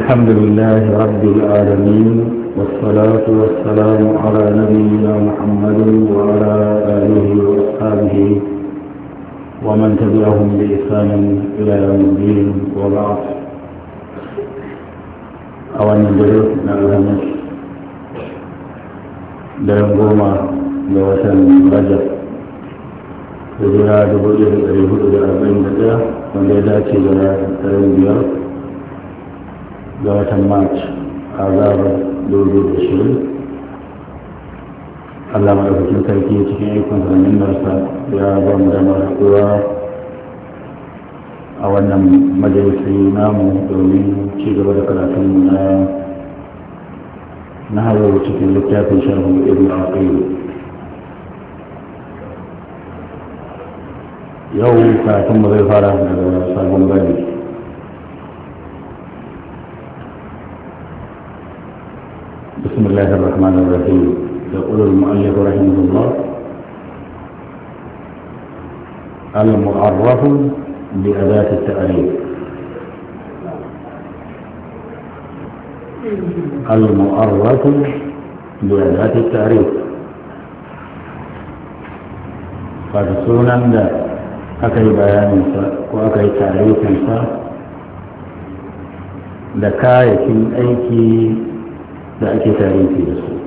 الحمد لله رب العالمين والصلاة والسلام على نبينا محمد وعلى آله وأصحابه ومن تبعهم بإحسان إلى يوم الدين وبعد أولا جلوس نعلم daren goma ga لوسن رجب da jira 1441 الأربعين ya dace da daren biyar ga watan march a zarar shi allah maɗaukakin sarki cikin aikin sanannun darsa ya ba mu damar haɗuwa a wannan majalisar namu domin ci gaba da karatun na na hayo cikin littafin sharhun ibn aqil yau mu zai fara daga sabon gani بسم الله الرحمن الرحيم يقول المؤلف رحمه الله المعرف بأداة التعريف المعرف بأداة التعريف قد سنن أكي بيانسا وأكي تعريفا da kayayyakin لا كتاب في رسول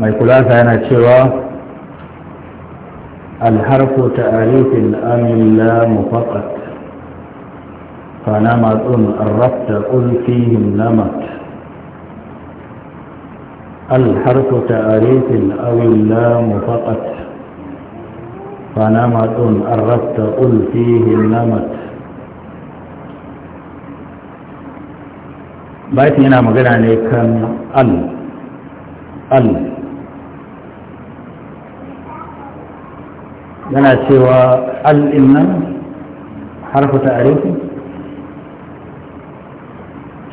ما يقول هذا أنا شوى الحرف تعريف الأم لا مفقت فنمت الربط قل فيهم نمت الحرف تعريف الأو لا مفقت فنمت الربط قل فيهم نمت baitin yana magana ne kan al al yana cewa al innan harfu ta'arifi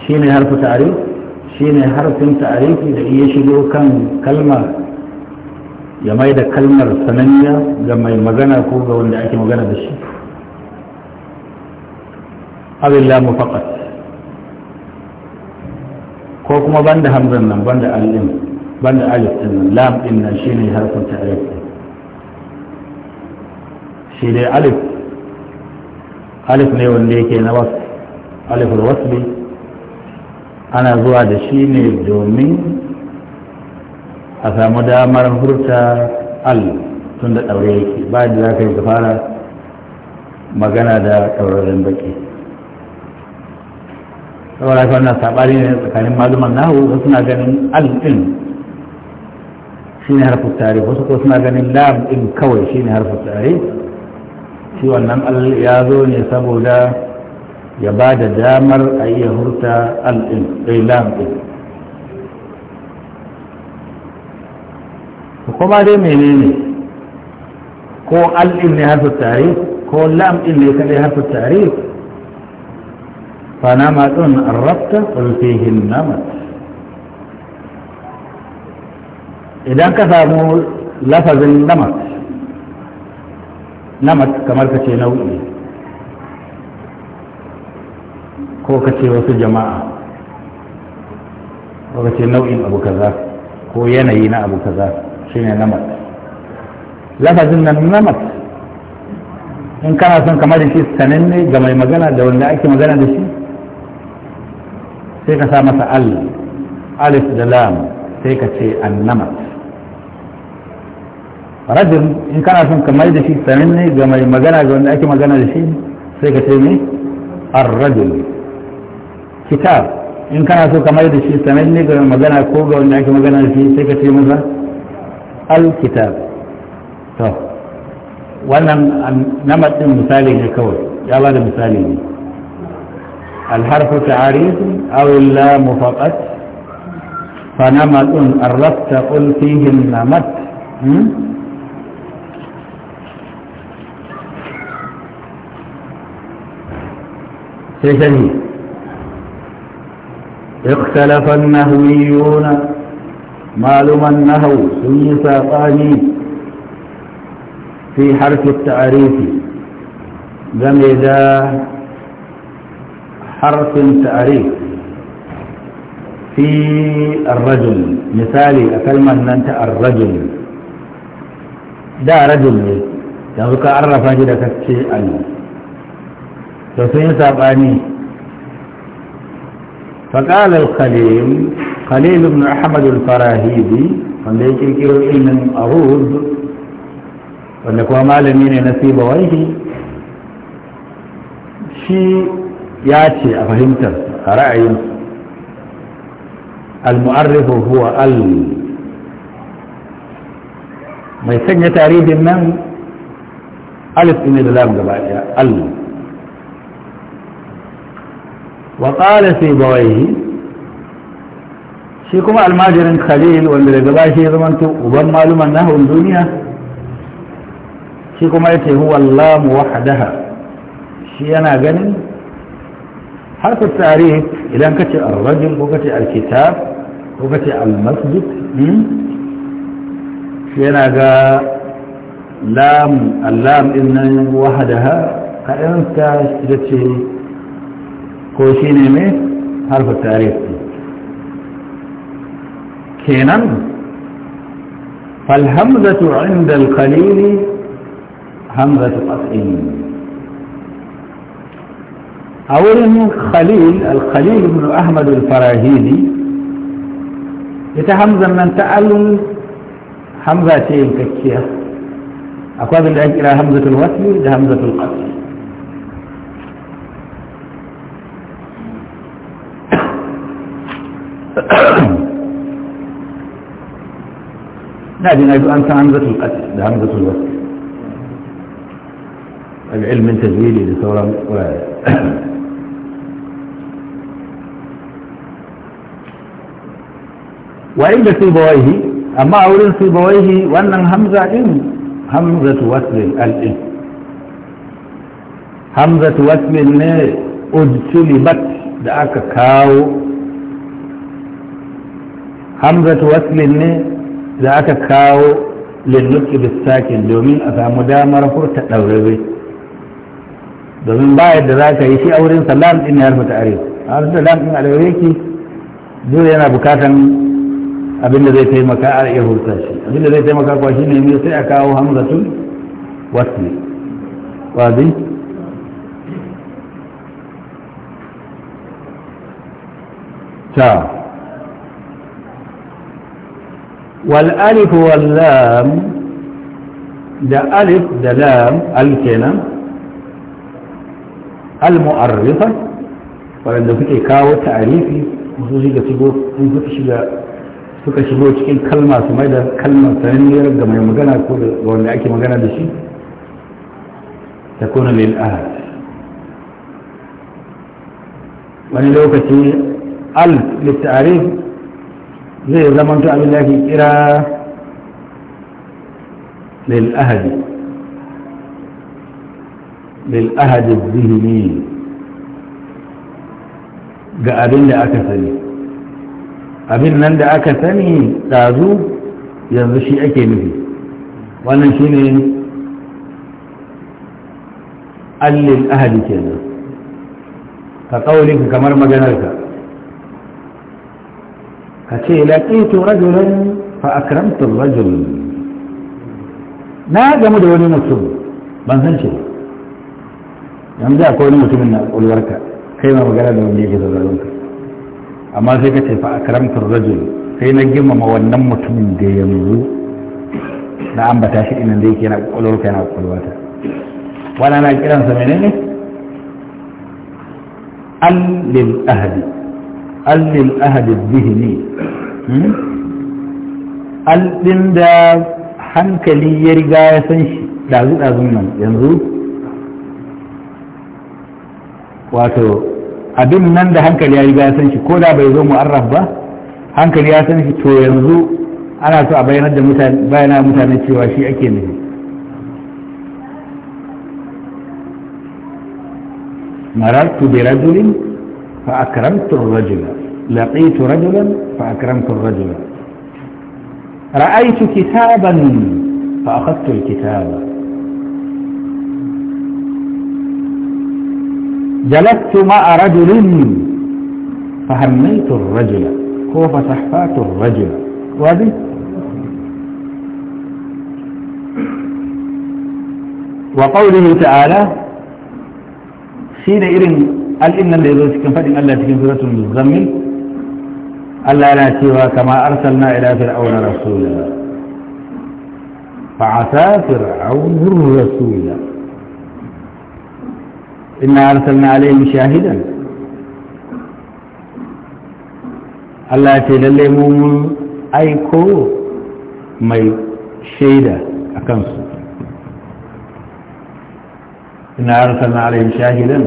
shine harfu ta'arif shine harfin ta'arifi da iya shigo kan kalma ya mai da kalmar sananniya ga mai magana ko ga wanda ake magana da shi abin lamu faƙas ko kuma banda hamzan nan banda alim banda alif din nan lam din nan shine harfin ta'rif shi dai alif alif ne wanda yake na wasu alif wasli ana zuwa da shi ne domin a samu damar hurta al tun da ɗaure yake ba da za ka yi fara magana da ɗauraren baki saboda shi wannan sabari ne tsakanin maluman nahu wasu suna ganin al shi shine harfin tare wasu ko suna ganin lam din kawai shine harfin tare shi wannan al ya zo ne saboda ya ba da damar a iya hurta al-din dai eh, lam din kuma dai menene ko al ne harfin tare ko lam din ne kadai harfin tare فنما أن الربط قل فيه النمت إذا كثموا لفظ النمت نمت كما كتي نوئي ko ka ce wasu jama'a ko ka ce nau'in abu kaza ko yanayi na abu kaza shine namat lafazin nan namat in kana son kamar shi sananne ga mai magana da wanda ake magana da shi sai ka sa masa al alif da lam sai ka ce annamat rajin in kana son ka mai da shi sanin ne ga mai magana ga wanda ake magana da shi sai ka ce ne ar kitab in kana so ka mai da shi sanin ne ga mai magana ko ga wanda ake magana da shi sai ka ce masa al-kitab to wannan namat din misali ne kawai ya ba da misali ne الحرف تعريف أو اللام فقط فنمت الرفت قل فيه النمت سيشهي اختلف النهويون معلوم النهو سمي ساقاني في حرف التعريف جمع حرف تعريف في الرجل مثالي أكلمة أنت الرجل دا رجل yanzu ka arrafa shi da kacce allu to sun yi saɓani faƙal al-khalil khalil ibn ahmad al-farahidi wanda ya kirkiro wanda kuma malami ne na sibawaihi shi ya ce a fahimtar a ra'ayin al-mu'arrifu huwa al mai sanya tarihin nan alif ne da lam gaba daya al wa qala sibawayhi shi kuma almajirin khalil wanda daga bashi ya zamanto uban maluman nahawun duniya shi kuma yace huwa allah wahdaha shi yana ganin harfi tarihi idan ka ce arrajin ko ka ce alkitab ko ka ce almasjid yana ga lam allam din nan wahadaha kaɗansa da ce ko shi ne mai harfi tare kenan فالهمزة عند القليل همزة قطعين أولا خليل الخليل بن أحمد الفراهيلي إذا من تأل حمزة تين كتير أقوال الله إلى حمزة الوثل إلى حمزة القتل نادي نادي أنت حمزة القتل إلى حمزة الوثل العلم من تزويلي لثورة wa inda sibawaihi amma a wurin sibawaihi wannan hamza din hamzatu wasl al'in Hamza hamzatu wasl ne ujtulibat da aka kawo hamzatu wasl ne da aka kawo lilluki bisakin domin a samu damar furta ɗaurare domin ba yadda za ka yi shi a wurin salam din ya harfa ta arewa a wurin salam din arewa yake zuwa yana bukatan abinda zai taimaka a iya hulta shi abinda zai taimaka kuwa shi ne mai sai a kawo hamzatun wasli wazi ta wal alif wal lam da alif da lam al kenan al mu'arrifa wanda suke kawo ta'arifi su shiga shigo in suka shiga suka shigo cikin kalma su mai da kalmar sananniyar ga mai magana ko da wanda ake magana da shi ta kuna lil ahad wani lokaci al littarif zai zamanta abin da ake kira lil ahadi lil ahadi ga abin da aka sani abin nan da aka sani ɗazu yanzu shi ake nufi wannan shi ne allin ahadi kenan ka ƙaurinka kamar maganarka ka ce laƙitu rajulan fa akramtu rajul na gamu da wani mutum ban san shi yanzu akwai wani mutumin na ƙulwarka kai ma magana da wanda yake zauraron ka amma sai ka ce fa karamtar rajul sai na girmama wannan mutumin da yanzu na ambata shi inan da yake yana kwakwalwarka yana kwakwalwata wani na sa menene allil ahadi allil ahadi zihni hmm? al da hankali ya riga ya san shi ɗazu-ɗazun nan yanzu wato abin nan da hankali ya yi ya san shi ko da bai zo mu'arraf ba hankali ya san shi to yanzu ana so a bayanar da mutane bayana mutane cewa shi ake nufi مررت برجل فأكرمت الرجل لقيت rajula ra'aytu kitaban fa akhadtu al-kitaba جلست مع رجل فهميت الرجل هو فصحفات الرجل وهذه وقوله تعالى سين إرن قال إن اللي يدوش كم فدن ألا تكن سورة المزمل ألا لا سوى كما أرسلنا إلى فرعون رسولا فعسى فرعون الرسول إنا أرسلنا عليهم شاهدا Allah ya ce lalle mun aiko mai shaida a kansu ina arsalna alaihim shahidan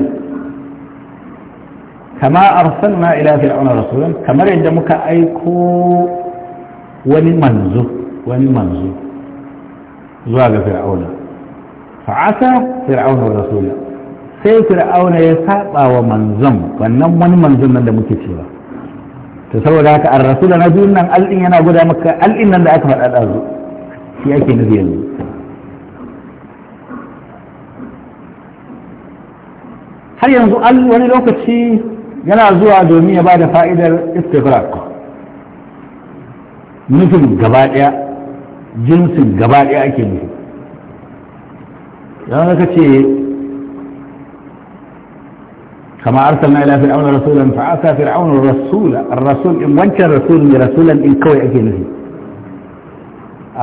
kama arsalna ila fir'auna rasulan kamar yadda muka aiko wani manzo wani manzo zuwa ga fir'auna fa'asa fir'auna rasulan sai fir'auna ya saba wa manzon wannan wani manzon nan da muke cewa to saboda haka ar rasul na biyun nan al'in yana guda maka al'in nan da aka faɗa da zu shi ake nufi yanzu har yanzu wani lokaci yana zuwa domin ya ba da fa'idar istighraq nufin gaba ɗaya jinsin gaba ɗaya ake nufi yanzu ka ce كما أرسلنا إلى فرعون رسولا فعسى فرعون الرسول الرسول إن وانت الرسول رسولا إن كوي أجله نفي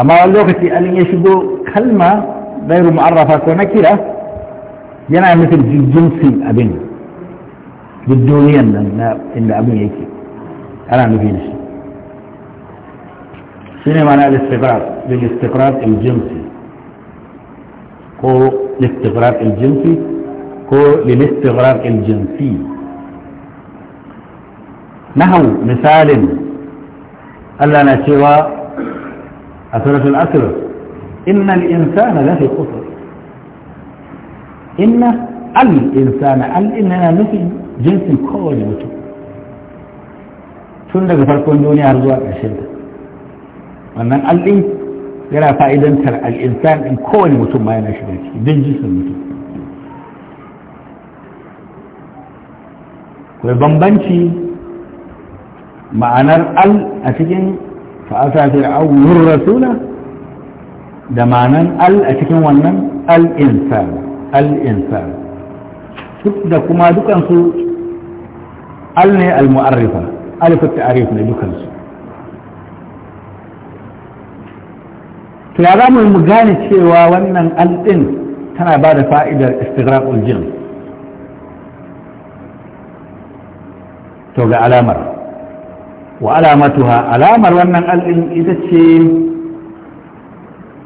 أما اللوكة أن يشبه كلمة غير معرفة ونكرة ينا مثل جنس أبن بالدوليا إن أبن يكي أنا نفي شيء شنو معنى الاستقرار؟ بالاستقرار الجنسي هو الاستقرار الجنسي كو للاستغرار الجنسي نحو مثال ألا نشوى أسرة الأسرة إن الإنسان لفي قصر إن الإنسان الإنسان لفي جنس كوالي بتو شون لك دوني أرضوا أشد ومن الإنسان يرى فائدا الإنسان إن كوالي بتو ما ينشبه دين جنس المتو akwai bambanci ma'anar al a cikin fa'ata fir'aunur rasula da ma'anar al a cikin wannan al-insan da kuma dukansu al ne al-mu'arrifa alifat ta'arif ne dukansu to ya za mu gane cewa wannan al din tana ba da fa'idar istighraqul jins to ga alamar wa alamatuha alamar wannan al'in ita ce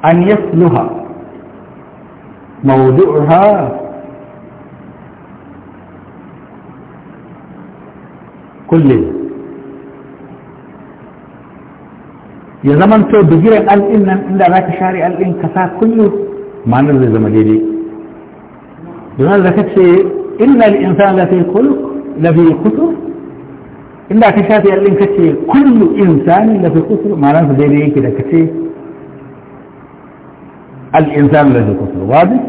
an yasluha mawdu'uha kullum ya zamanto bigiran al'in nan inda za ka share al'in ka sa kullum ma'anar zai zama daidai domin da ka ce inna al'insan lafi kulk lafi kusur inda ka shafi allin ka ce kullu insani la fi kusur ma'anar su daidai yake da ka ce al insani la fi kusur wadi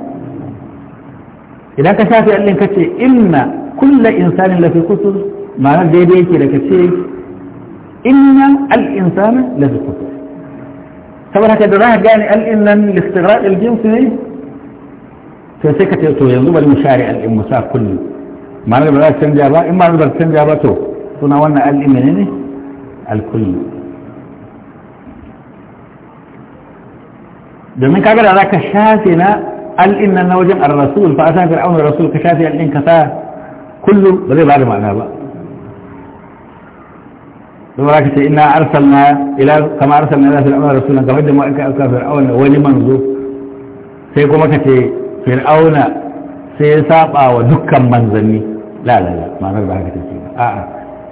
idan ka shafi allin ka ce inna kulla insani la fi kusur ma'anar daidai yake da ka ce inna al insani la fi kusur saboda haka da za ka gane al innan listirar aljinsu ne to sai ka ce to yanzu bari mu share al in musa kullu ma'anar ba za ta canja ba in ma'anar ba ta canja ba to كنا قلنا قال لي منين الكل دمين كبر على كشاتنا قال إن النوجم الرسول فأسان فرعون الرسول كشاتي يعني قال إن كفاه كله بدي بعد معناه بقى دمراك سي إنا أرسلنا إلى كما أرسلنا إلى فرعون الرسول كما دموا إنك أرسل فرعون ولمن ذو سيكو مكة فرعون سيساقا ودكا من ذني لا لا لا ما نقدر هكذا آه, آه.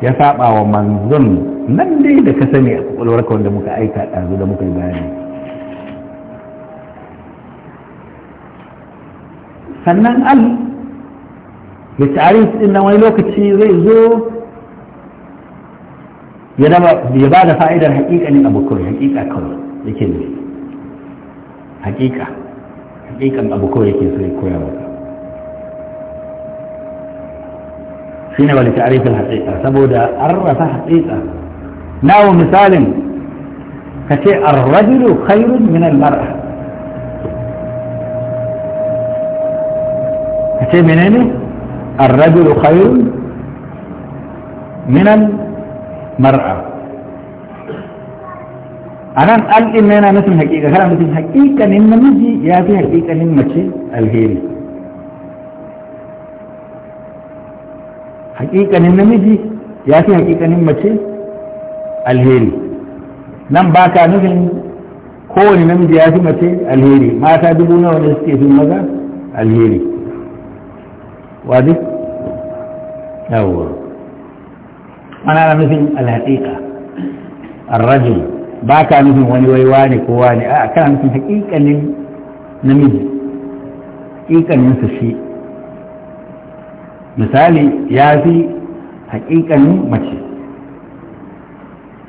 ya saba wa manzon nan dai da ka sani a kwakwalwarka wanda muka aika ɗazu da muka yi bayani sannan al ya tarif ɗin na wani lokaci zai zo ya ba da fa'idar ne a kawai haƙiƙa kawai yake ne haƙiƙa haƙiƙan abu kawai yake so ya koya maka شين ولتعريف الحقيقة سبودا أرف حقيقة ناو مثال كشيء الرجل خير من المرأة كشيء من أين الرجل خير من المرأة أنا الإمانة مثل حقيقة هل مثل حقيقة إنما مجي يا في حقيقة إنما شيء الهيري hakikanin namiji ya fi hakikanin mace alheri nan ba ka nufin kowane namiji ya fi mace alheri mata dubu nawa ne suke fi maza alheri wadi mana na nufin alhaƙiƙa arrajul ba ka nufin wani waiwa ne kowa ne a kana nufin hakikanin namiji su shi misali ya fi haƙiƙanin mace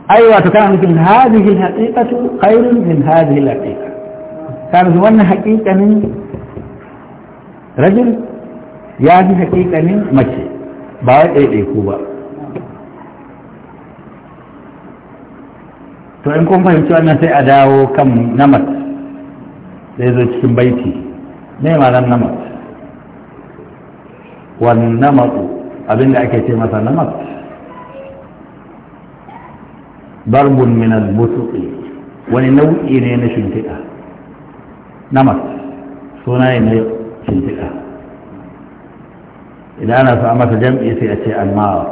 aiwa ta kana nufin hadhihi haqiqatu khairun min hadhihi haqiqa ta nufin wannan haƙiƙanin rajin ya fi haƙiƙanin mace ba wai ɗaiɗaiku ba to in kun fahimci wannan sai a dawo kan namat da ya zo cikin baiti ne ma nan namat wannan matsu abinda ake ce masa namat barbun min al wani nau'i ne na shimfiɗa namat suna ne na shimfiɗa idan ana so masa jam'i sai a ce almawar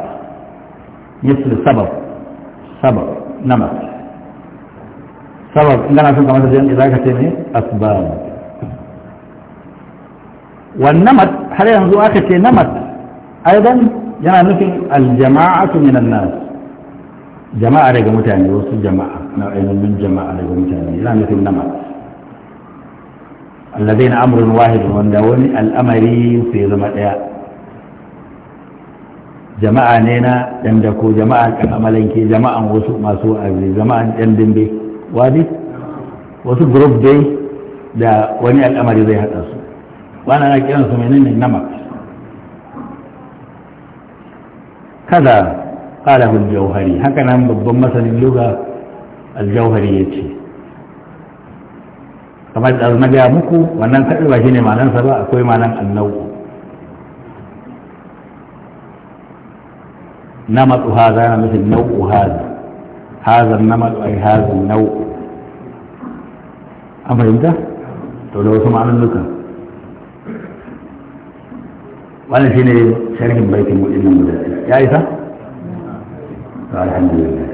misali sabab sabab namat sabab in kana son ka masa jam'i za ka ce ne asbab wannan har yanzu aka ce namat aidan yana nufin aljama'atu min annas jama'a daga mutane wasu jama'a na ainihin jama'a daga mutane yana nufin namat alladaina amurin wahid wanda wani al'amari su ya zama daya jama'a ne na ɗan jama'a jama'an ɗan amalanke jama'an wasu masu azi jama'an ɗan dimbe wadi wasu group dai da wani al'amari zai haɗa su wani ana kiran su menene namak kada kala al-jawhari haka nan babban masanin lugha al-jawhari yace kamar da na gaya muku wannan kadai ba shine malan sa ba akwai malan annau نمط هذا أنا مثل نوع هذا haza, النمط أي هذا النوع أمر ده؟ تقول له سمعنا لك wannan shine sharhin baitin mudin nan guda ya isa alhamdulillah